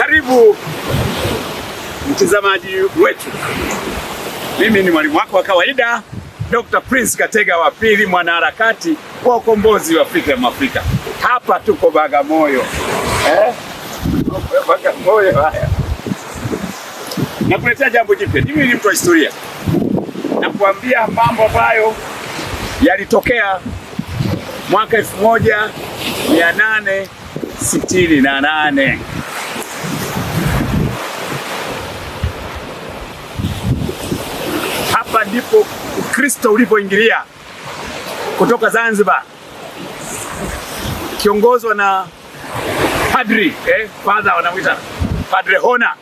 Karibu mtazamaji wetu, mimi ni mwalimu wako wa kawaida Dr. Prince Katega wa pili, mwanaharakati wa ukombozi wa Afrika ya Afrika. Hapa tuko Bagamoyo eh? Bagamoyo haya, nakuletea jambo jipya. Mimi ni mtu wa historia, nakuambia mambo ambayo yalitokea mwaka 1868 ndipo Ukristo ulipoingilia kutoka Zanzibar, kiongozwa na padri eh, padha wanamwita Padre Hona.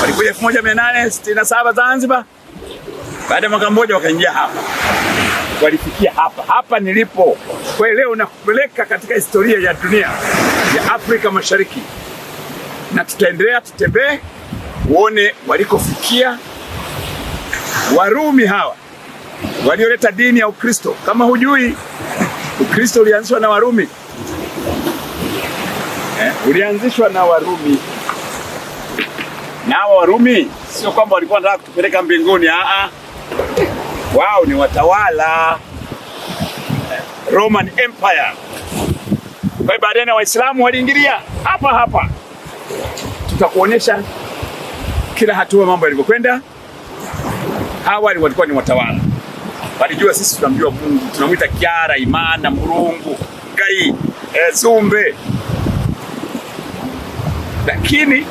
Walikuja 1867 Zanzibar, baada ya mwaka mmoja wakaingia hapa, walifikia hapa hapa nilipo. Kwa hiyo leo nakupeleka katika historia ya dunia ya Afrika Mashariki, na tutaendelea tutembee, uone walikofikia. Warumi hawa walioleta dini ya Ukristo. Kama hujui, Ukristo ulianzishwa na Warumi eh, ulianzishwa na Warumi na hawa Warumi sio kwamba walikuwa wanataka kutupeleka mbinguni. -a. Ah, ah. wao ni watawala eh, Roman Empire. Kwa hiyo baadaye na Waislamu waliingilia hapa hapa. Tutakuonyesha kila hatua mambo yalivyokwenda awali walikuwa ni watawala, walijua sisi tunamjua Mungu, tunamwita kiara Imana, Mulungu, Ngai, eh, Zumbe, lakini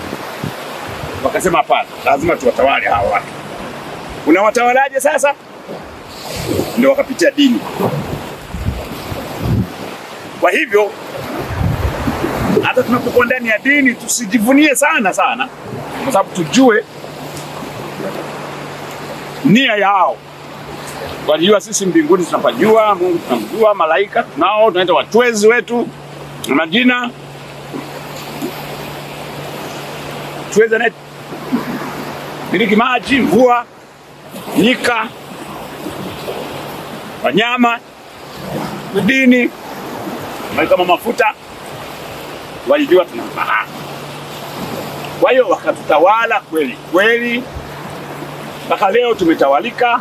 wakasema hapana, lazima tuwatawale hawa watu. Unawatawalaje sasa? Ndio wakapitia dini. Kwa hivyo hata tunapokuwa ndani ya dini tusijivunie sana sana, kwa sababu tujue nia yao. Walijua sisi mbinguni tunapajua, Mungu tunamjua, malaika tunao, tunaita watwezi wetu na majina tuweze net miliki maji, mvua, nyika, wanyama, madini, kama mafuta. Walijua tuna kwa hiyo wakatutawala kweli kweli mpaka leo tumetawalika,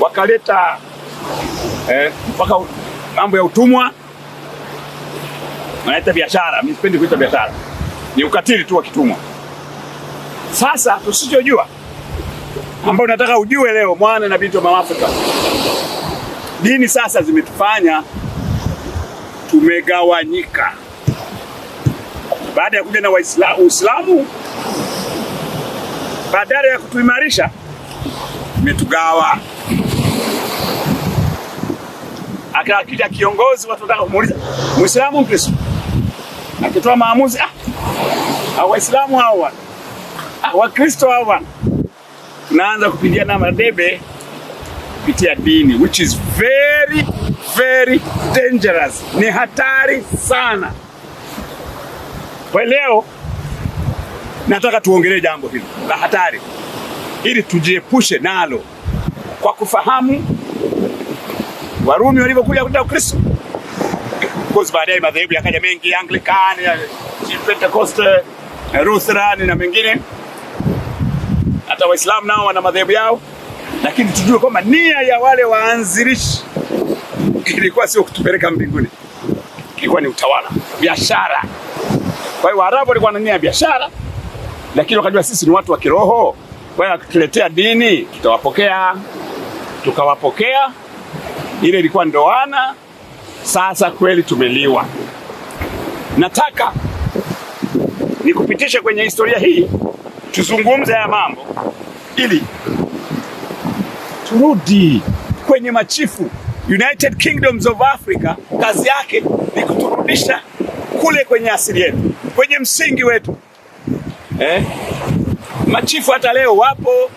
wakaleta eh, mpaka mambo ya utumwa wanaita biashara. Mimi sipendi kuita biashara, ni ukatili tu wa kitumwa. Sasa tusichojua ambao nataka ujue leo, mwana na binti wa mama dini sasa zimetufanya tumegawanyika, baada ya kuja na Uislamu badala ya kutuimarisha imetugawa. Akija kiongozi watu wanataka kumuuliza Muislamu Mkristo, akitoa maamuzi ah, Waislamu hao wa ah, Wakristo hao wana, tunaanza kupigiana madebe kupitia dini which is very very dangerous, ni hatari sana kwa leo nataka tuongelee jambo hili la hatari, ili tujiepushe nalo kwa kufahamu Warumi walivyokuja kuleta Ukristo. Baadaye madhehebu yakaja mengi, Anglican, Pentecostal, Lutheran na mengine. Hata Waislamu nao wana madhehebu yao, lakini tujue kwamba nia ya wale waanzilishi ilikuwa sio kutupeleka mbinguni, ilikuwa ni utawala, biashara. Kwa hiyo Waarabu walikuwa na nia ya biashara lakini wakajua sisi ni watu wa kiroho, kwa hiyo akituletea dini tutawapokea. Tukawapokea, ile ilikuwa ndoana. Sasa kweli tumeliwa. Nataka nikupitishe kwenye historia hii, tuzungumze haya mambo ili turudi kwenye machifu. United Kingdoms of Africa kazi yake ni kuturudisha kule kwenye asili yetu, kwenye msingi wetu eh? Machifu hata leo wapo,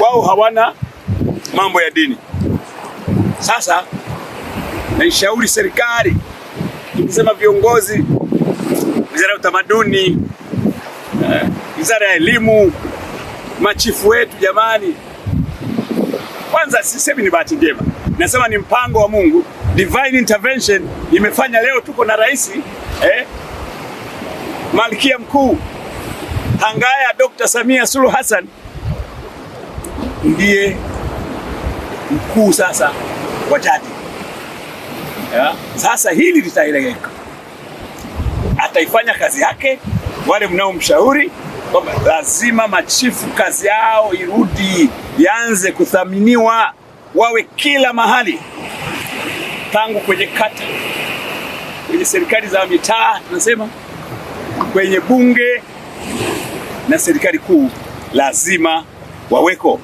wao hawana mambo ya dini. Sasa naishauri serikali, tukisema viongozi, wizara ya utamaduni, eh, wizara eh, ya elimu, machifu wetu, jamani, kwanza sisemi ni bahati njema, nasema ni mpango wa Mungu, divine intervention imefanya leo tuko na rais eh, malkia mkuu Hangaya Dr. Samia Suluhu Hassan ndiye mkuu sasa wa jadi. Sasa hili litaeleweka, ataifanya kazi yake. Wale mnaomshauri kwamba lazima machifu kazi yao irudi, ianze kuthaminiwa, wawe kila mahali, tangu kwenye kata, kwenye serikali za mitaa, tunasema kwenye bunge na serikali kuu lazima waweko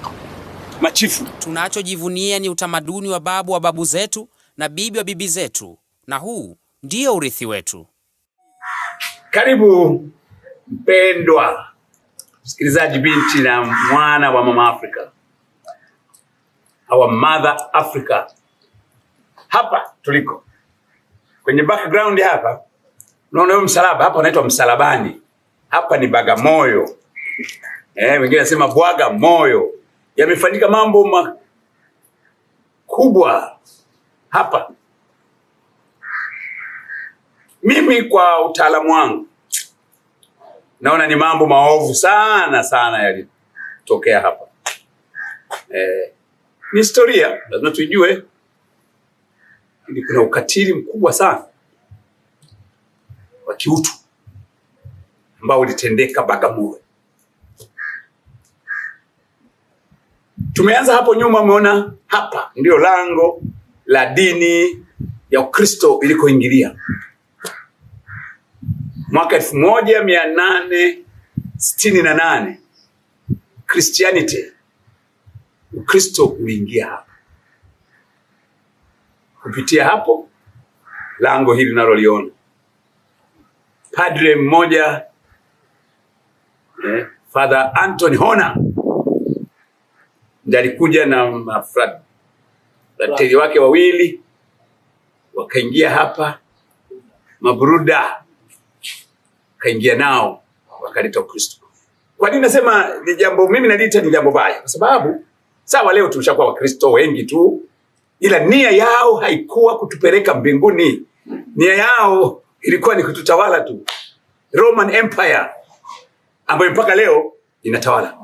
machifu. Tunachojivunia ni utamaduni wa babu wa babu zetu na bibi wa bibi zetu, na huu ndio urithi wetu. Karibu mpendwa msikilizaji, binti na mwana wa mama Afrika, our mother Africa. Hapa tuliko kwenye background hapa, unaona msalaba hapa unaitwa msalabani hapa ni Bagamoyo eh, wengine nasema Bwaga moyo. Yamefanyika mambo makubwa hapa. Mimi kwa utaalamu wangu naona ni mambo maovu sana sana yalitokea hapa eh, ni historia, lazima tuijue. Kuna ukatili mkubwa sana wa kiutu ambao ulitendeka Bagamoyo. Tumeanza hapo nyuma, umeona hapa ndio lango la dini ya Ukristo ilikoingilia mwaka elfu moja mia nane sitini na nane Christianity, Ukristo uliingia hapa kupitia hapo lango hili naloliona. Padre mmoja eh, Father Anthony Hona ndiye alikuja na mafrateli wake wawili wakaingia hapa, mabruda kaingia nao wakaleta Ukristo. Kwa nini nasema ni jambo, mimi naliita ni jambo baya? Kwa sababu sawa, leo tumeshakuwa Wakristo wengi tu, ila nia yao haikuwa kutupeleka mbinguni. Nia yao ilikuwa ni kututawala tu, Roman Empire ambayo mpaka leo inatawala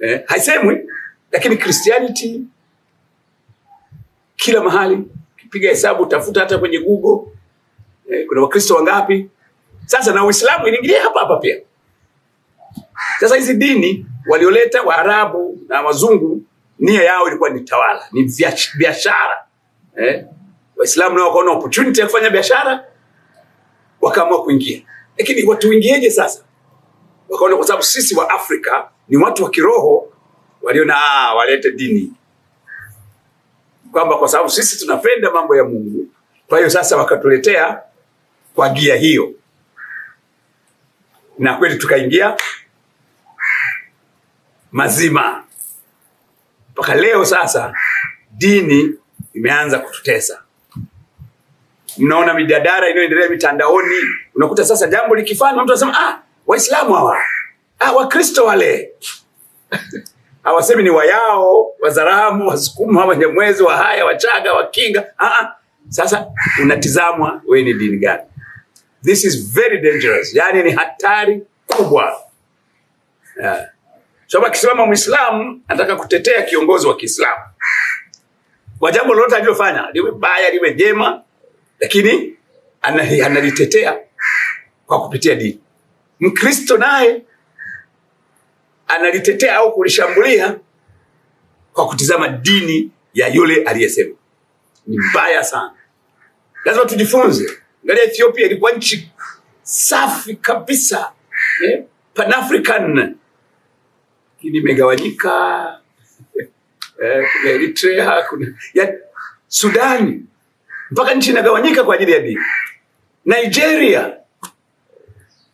eh, haisemwi, lakini Christianity kila mahali, piga hesabu, tafuta hata kwenye Google eh, kuna Wakristo wangapi? Sasa na Uislamu inaingilia hapa hapa pia. Sasa hizi dini walioleta Waarabu na Wazungu, nia yao ilikuwa ni tawala, ni biashara eh. Waislamu nao wakaona opportunity ya kufanya biashara, wakaamua kuingia. Lakini watu wengieje sasa? wakaona kwa sababu sisi wa Afrika ni watu wa kiroho, waliona walete dini kwamba kwa sababu sisi tunapenda mambo ya Mungu. Kwa hiyo sasa wakatuletea kwa gia hiyo, na kweli tukaingia mazima mpaka leo. Sasa dini imeanza kututesa. Mnaona midadara inayoendelea mitandaoni, unakuta sasa jambo likifanywa mtu anasema ah Waislamu hawa ah, Wakristo wale hawasemi ni Wayao, Wazaramu, Wasukuma, Wanyamwezi, Wahaya, Wachaga, Wakinga. ah -ah. Sasa unatizamwa wewe ni dini gani? This is very dangerous, yani ni hatari kubwa yeah. So akisimama Muislamu anataka kutetea kiongozi wa Kiislamu kwa jambo lolote alilofanya, liwe baya liwe jema, lakini analitetea kwa kupitia dini. Mkristo naye analitetea au kulishambulia kwa kutizama dini ya yule aliyesema. Ni mbaya sana, lazima tujifunze. Angalia, Ethiopia ilikuwa nchi safi kabisa eh? Pan African, lakini imegawanyika eh, kuna Eritrea, kuna ya Sudani, mpaka nchi inagawanyika kwa ajili ya dini. Nigeria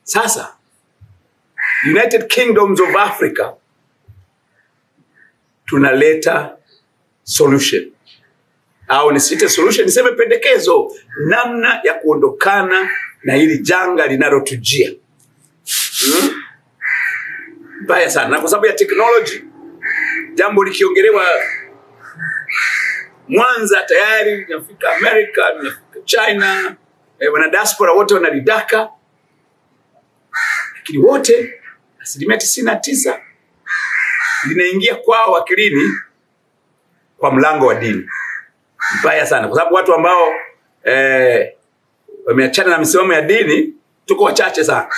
sasa United Kingdoms of Africa tunaleta solution au nisite solution, niseme pendekezo, namna ya kuondokana na hili janga linalotujia hmm? Baya sana. Na kwa sababu ya teknoloji, jambo likiongelewa Mwanza tayari linafika america linafika China, eh, wana diaspora wote wanalidaka, lakini wote asilimia tisini na tisa linaingia kwao akilini kwa mlango wa dini. Mbaya sana, kwa sababu watu ambao eh, wameachana na misimamo ya dini tuko wachache sana,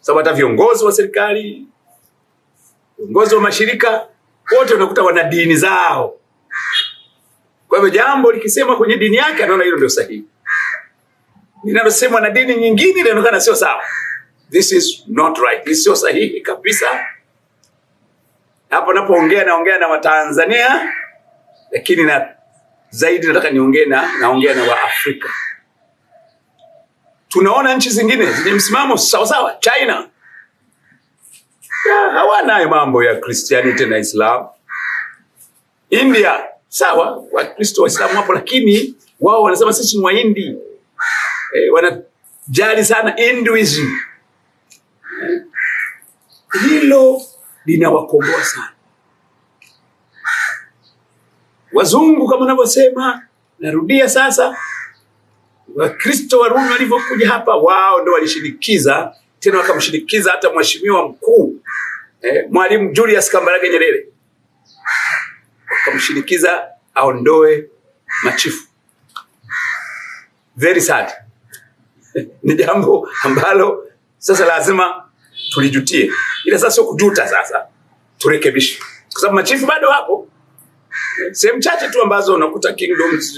sababu hata viongozi wa serikali, viongozi wa mashirika wote unakuta wana dini zao. Kwa hivyo jambo likisema kwenye dini yake anaona hilo ndio sahihi, linalosemwa na dini nyingine linaonekana sio sawa this is not right, ni sio sahihi kabisa. Hapo napoongea naongea na Watanzania, lakini na zaidi nataka niongee na naongea na Waafrika. Tunaona nchi zingine zenye msimamo sawa sawa China hawana mambo ya Christianity na Islam. India sawa, Wakristo Waislamu wapo, lakini wao wanasema sisi ni Wahindi. Eh, wanajali sana Hinduism hilo linawakomboa sana wazungu, kama wanavyosema narudia sasa, Wakristo Warumi walivyokuja hapa, wao ndio walishinikiza tena, wakamshinikiza hata mheshimiwa mkuu eh, Mwalimu Julius Kambarage Nyerere wakamshinikiza aondoe machifu. Very sad ni jambo ambalo sasa lazima tulijutie, ila sasa sio kujuta, sasa turekebishe, kwa sababu machifu bado hapo. Sehemu chache tu ambazo unakuta kingdoms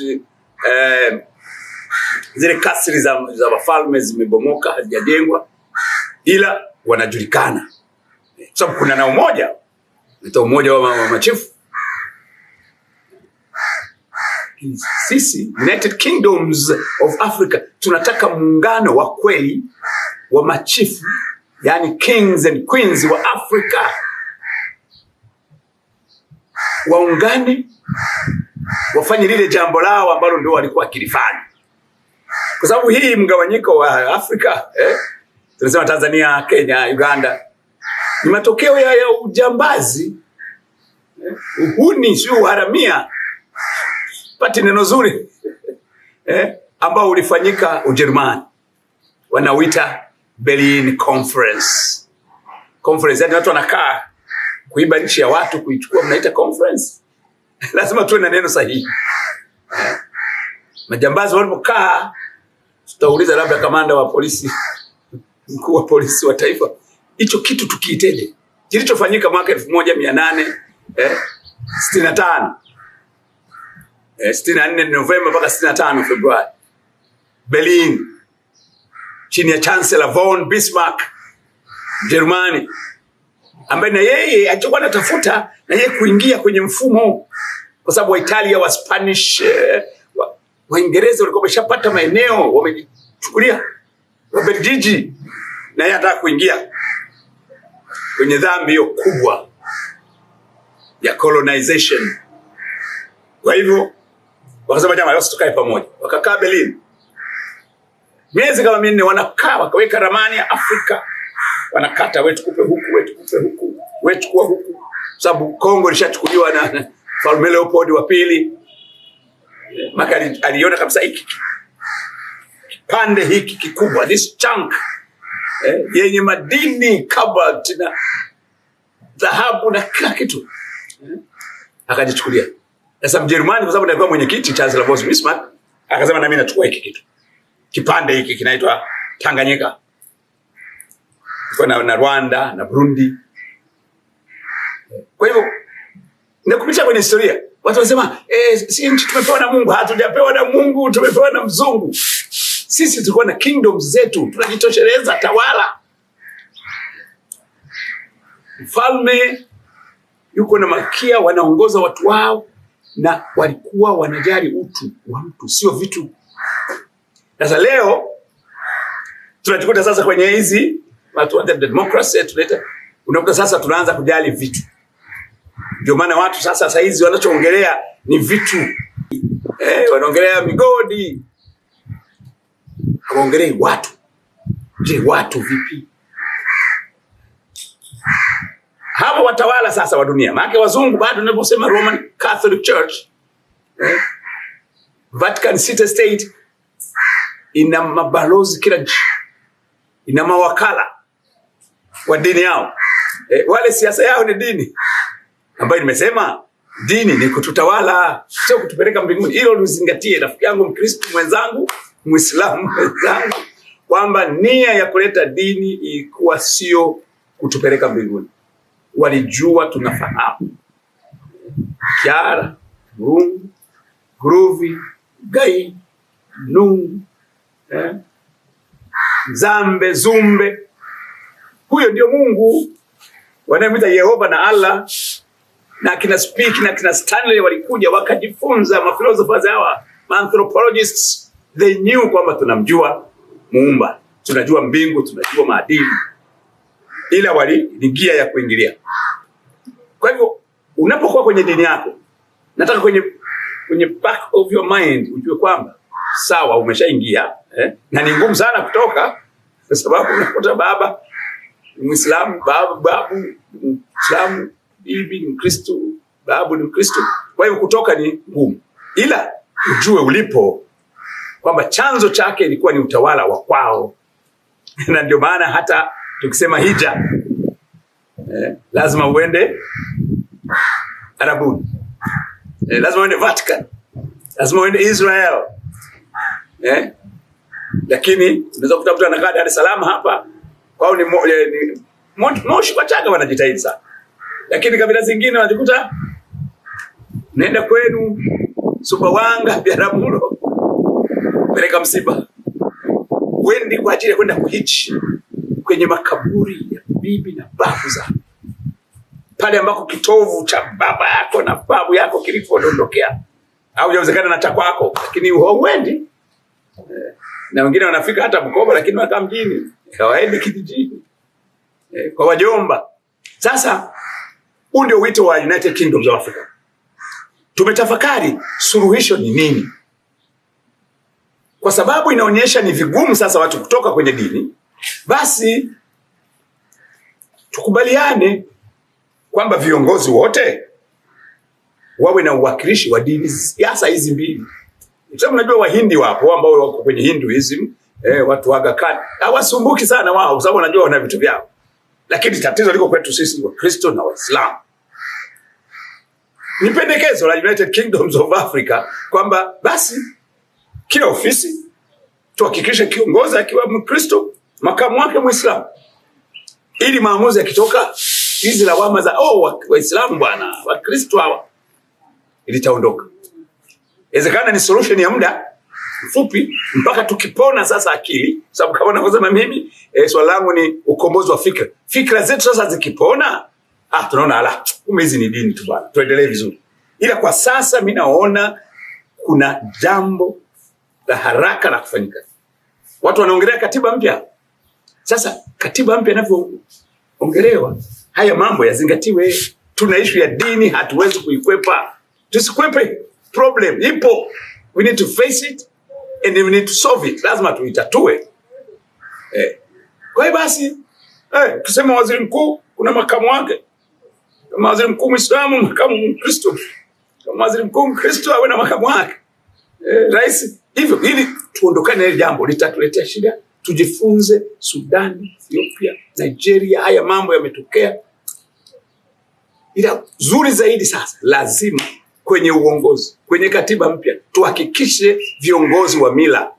eh, zile kasri za, za wafalme zimebomoka hazijajengwa, ila wanajulikana kwa sababu kuna na umoja nita umoja wa machifu sisi United Kingdoms of Africa tunataka muungano wa kweli wa machifu yani kings and queens wa Afrika waungane wafanye lile jambo lao ambalo ndio walikuwa kilifanya, kwa sababu hii mgawanyiko wa Afrika eh, tunasema Tanzania, Kenya, Uganda ni matokeo ya, ya ujambazi eh, uhuni, si uharamia, pati neno zuri eh, ambao ulifanyika Ujerumani, wanawita Berlin Conference. Conference, yani watu wanakaa kuiba nchi ya watu kuichukua, mnaita conference? Lazima tuwe na neno sahihi. Majambazi walipokaa, tutauliza labda kamanda wa polisi, mkuu wa polisi wa taifa, hicho kitu tukiiteje? Kilichofanyika mwaka elfu moja mia nane eh, sitini na tano eh, sitini na nne Novemba mpaka sitini na tano Februari Berlin chini ya Chancellor von Bismarck Jerumani, ambaye na yeye alichokuwa anatafuta na yeye kuingia kwenye mfumo, kwa sababu Waitalia wa Spanish eh, wa, Waingereza walikuwa wameshapata maeneo wamejichukulia, Wabeljiji, na yeye anataka kuingia kwenye dhambi hiyo kubwa ya colonization. Kwa hivyo wakasema, jamaa, leo pamoja, wakakaa Berlin miezi kama minne, wanakaa wakaweka ramani ya Afrika, wanakata wetu kupe huku, wetu kupe huku, wetu kwa huku, sababu Kongo ilishachukuliwa na Mfalme Leopold wa pili. Maka aliona kabisa hiki kipande hiki kikubwa, this chunk eh, yenye madini cobalt na dhahabu na kila kitu eh, akajichukulia. Sasa Mjerumani kwa sababu alikuwa mwenyekiti Chancellor von Bismarck akasema, na mimi nachukua hiki kitu kipande hiki kinaitwa Tanganyika na, na Rwanda na Burundi. Kwa hivyo nakupitia kwenye historia watu wanasema eh, si nchi tumepewa na Mungu. Hatujapewa na Mungu, tumepewa na mzungu. Sisi tulikuwa na kingdom zetu, tunajitosheleza tawala. Mfalme yuko na makia wanaongoza watu wao, na walikuwa wanajali utu wa mtu, sio vitu sasa leo tunajikuta sasa kwenye hizi democracy tunaita, unakuta sasa tunaanza kujali vitu. Ndio maana watu sasa sasa hizi wanachoongelea ni vitu eh, wanaongelea migodi, hawaongelei watu. Je, watu vipi? Hapo watawala sasa wa dunia, maana wazungu bado wanaposema Roman Catholic Church eh, Vatican City State ina mabalozi kila nchi, ina mawakala wa dini yao. E, wale siasa yao ni dini ambayo nimesema dini ni kututawala, sio kutupeleka mbinguni. Hilo lizingatie, rafiki yangu Mkristo mwenzangu, Muislamu mwenzangu, kwamba nia ya kuleta dini ilikuwa sio kutupeleka mbinguni. Walijua tunafahamu Kiara, Mrungu, Gruvi, Gai, Nungu eh? Zambe Zumbe, huyo ndio Mungu wanayemwita Yehova na Allah na kina Speke na kina Stanley walikuja wakajifunza, mafilosofers hawa anthropologists, they knew kwamba tunamjua muumba, tunajua mbingu, tunajua maadili, ila waliingia ya kuingilia. Kwa hivyo unapokuwa kwenye dini yako, nataka kwenye, kwenye back of your mind ujue kwamba sawa, umeshaingia eh? na ni ngumu sana kutoka, kwa sababu unakuta baba Muislamu, babu babu Muislamu, bibi ni Mkristo, babu ni Mkristo. Kwa hiyo kutoka ni ngumu, ila ujue ulipo kwamba chanzo chake ilikuwa ni utawala wa kwao na ndio maana hata tukisema hija eh, lazima uende Arabuni eh, lazima uende Vatican, lazima uende Israel eh? Lakini unaweza kukuta mtu anakaa Dar es Salaam hapa kwao ni, eh, ni Moshi kwa Chaga wanajitahidi sana, lakini kabila zingine wanajikuta nenda kwenu Sumbawanga, Biharamulo, peleka msiba, wendi kwa ajili ya kwenda kuhichi kwenye makaburi ya bibi na babu za pale ambako kitovu cha baba yako na babu yako kilipodondokea, au yawezekana na cha kwako, lakini huwendi na wengine wanafika hata Bukoba, lakini wanakaa mjini, hawaendi kijijini eh, kwa wajomba. Sasa huu ndio wito wa United Kingdom of Africa. Tumetafakari suluhisho ni nini, kwa sababu inaonyesha ni vigumu sasa watu kutoka kwenye dini. Basi tukubaliane kwamba viongozi wote wawe na uwakilishi wa dini, siasa hizi mbili. Kwa sababu Wahindi wapo ambao wako kwenye Hinduism, eh, watu waga Aga Hawasumbuki sana wao kwa sababu wanajua wana vitu vyao. Lakini tatizo liko kwetu sisi wa Kristo na Waislamu. Ni pendekezo la United Kingdoms of Africa kwamba basi kila ofisi tuhakikishe kiongozi akiwa Mkristo, makamu wake Muislamu, ili maamuzi yakitoka hizi lawama za oh, Waislamu bwana, Wakristo hawa, ilitaondoka. Inawezekana ni solution ya muda mfupi mpaka tukipona sasa akili, sababu kama navyosema mimi eh, swali langu ni ukombozi wa fikra. Fikra zetu sasa zikipona, ah, tunaona ala, kumbe hizi ni dini tu bwana, tuendelee vizuri. Ila kwa sasa mimi naona kuna jambo la haraka la kufanyika. Watu wanaongelea katiba mpya. Sasa katiba mpya inavyoongelewa, haya mambo yazingatiwe. Tuna ishu ya dini, hatuwezi kuikwepa, tusikwepe problem ipo, we need to face it and we need to solve it, lazima tuitatue eh. Kwa hiyo basi eh, tuseme waziri mkuu kuna makamu wake, kama waziri mkuu Muislamu, makamu Mkristo, kama waziri mkuu Mkristo awe na makamu wake eh, rais hivyo, ili tuondokane na hili jambo, litatuletea shida. Tujifunze Sudan, Ethiopia, Nigeria, haya mambo yametokea, ila zuri zaidi sasa lazima kwenye uongozi, kwenye katiba mpya tuhakikishe viongozi wa mila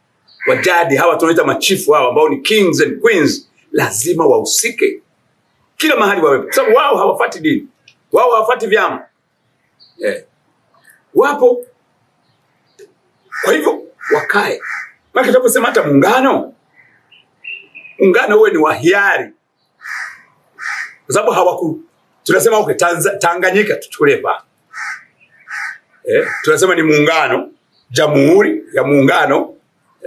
wa jadi hawa tunaita machifu hawa ambao ni kings and queens, lazima wahusike kila mahali wawepo, kwa sababu wao hawafati dini, wao hawafati vyama yeah. Wapo kwa hivyo wakae, maana tunaposema hata muungano, muungano uwe ni wa hiari, kwa sababu hawaku tunasema okay, Tanganyika tuchukulie pa eh, tunasema ni muungano, jamhuri ya muungano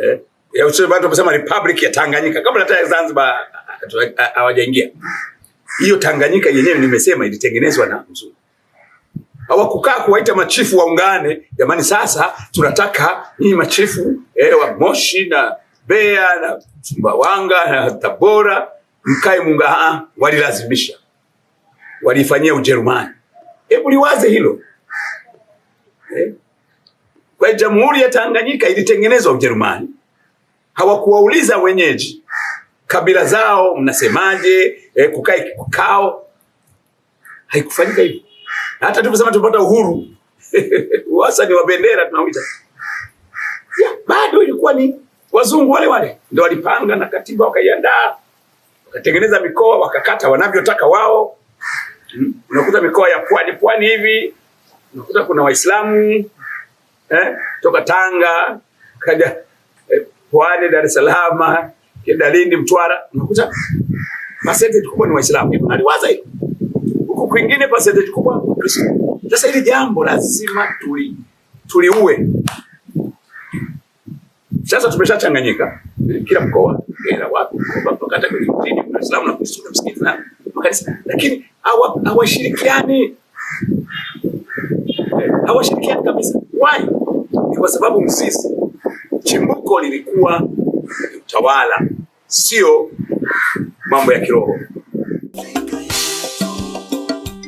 eh, ya uchumi watu wanasema republic ya Tanganyika, kabla hata Zanzibar hawajaingia. Hiyo Tanganyika yenyewe nimesema ilitengenezwa na mzungu. Hawakukaa kuwaita machifu waungane, jamani, sasa tunataka nyinyi machifu eh, wa Moshi na Mbeya na Sumbawanga na Tabora mkae muungana. Ah, walilazimisha, walifanyia Ujerumani. Hebu liwaze hilo. Kwa Jamhuri ya Tanganyika ilitengenezwa Ujerumani. Hawakuwauliza wenyeji kabila zao mnasemaje, eh, kukae kikao. Haikufanyika hivyo. Hata tuliposema tupata uhuru wasa ni wabendera tunaoita bado ilikuwa ni wazungu wale wale ndio walipanga na katiba wakaiandaa, wakatengeneza mikoa wakakata wanavyotaka wao. Hmm. Unakuta mikoa ya pwani pwani hivi unakuta kuna Waislamu eh, toka Tanga kaja eh, Pwani, Dar es Salaam, kenda Lindi, Mtwara, unakuta percentage kubwa ni Waislamu. Aliwaza hilo huko kwingine percentage kubwa Kristo. Sasa hili jambo lazima tuli tuliue. Sasa tumeshachanganyika kila mkoa kila wapi, mpaka hata kwenye dini kuna Uislamu na Kristo na msikiti na makanisa, lakini hawashirikiani hawashirikiani kabisa. Why? Ni kwa sababu mzizi, chimbuko lilikuwa tawala utawala, sio mambo ya kiroho.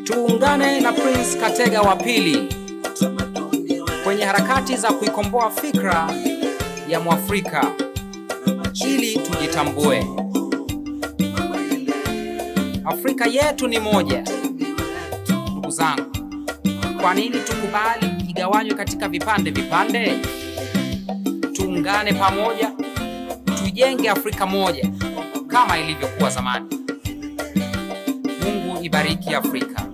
Tuungane na Prince Katega wa pili kwenye harakati za kuikomboa fikra ya Mwafrika ili tujitambue. Afrika yetu ni moja, ndugu zangu. Kwa nini tukubali igawanywe katika vipande vipande? Tuungane pamoja, tujenge Afrika moja kama ilivyokuwa zamani. Mungu ibariki Afrika.